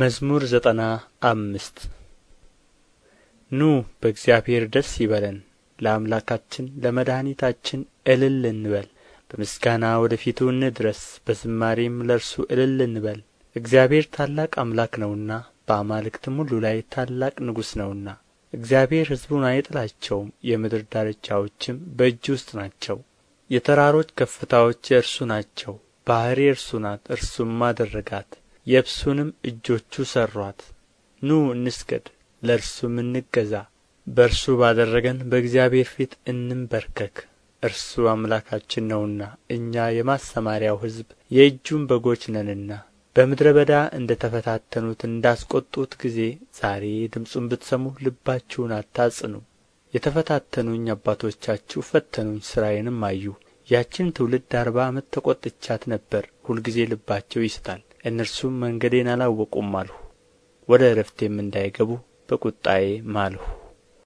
መዝሙር ዘጠና አምስት ኑ በእግዚአብሔር ደስ ይበለን፣ ለአምላካችን ለመድኃኒታችን እልል እንበል። በምስጋና ወደ ፊቱ እንድረስ፣ በዝማሬም ለእርሱ እልል እንበል። እግዚአብሔር ታላቅ አምላክ ነውና፣ በአማልክትም ሁሉ ላይ ታላቅ ንጉሥ ነውና። እግዚአብሔር ሕዝቡን አይጥላቸውም፣ የምድር ዳርቻዎችም በእጅ ውስጥ ናቸው። የተራሮች ከፍታዎች የእርሱ ናቸው፣ ባሕር የእርሱ ናት፣ እርሱም አደረጋት። የብሱንም እጆቹ ሠሩአት ኑ እንስገድ ለእርሱም እንገዛ በእርሱ ባደረገን በእግዚአብሔር ፊት እንንበርከክ እርሱ አምላካችን ነውና እኛ የማሰማሪያው ሕዝብ የእጁም በጎች ነንና በምድረ በዳ እንደ ተፈታተኑት እንዳስቈጡት ጊዜ ዛሬ ድምፁን ብትሰሙ ልባችሁን አታጽኑ የተፈታተኑኝ አባቶቻችሁ ፈተኑኝ ሥራዬንም አዩ ያችን ትውልድ አርባ ዓመት ተቈጥቻት ነበር ሁልጊዜ ልባቸው ይስታል እነርሱም መንገዴን አላወቁም አልሁ ወደ ዕረፍቴም እንዳይገቡ በቁጣዬ ማልሁ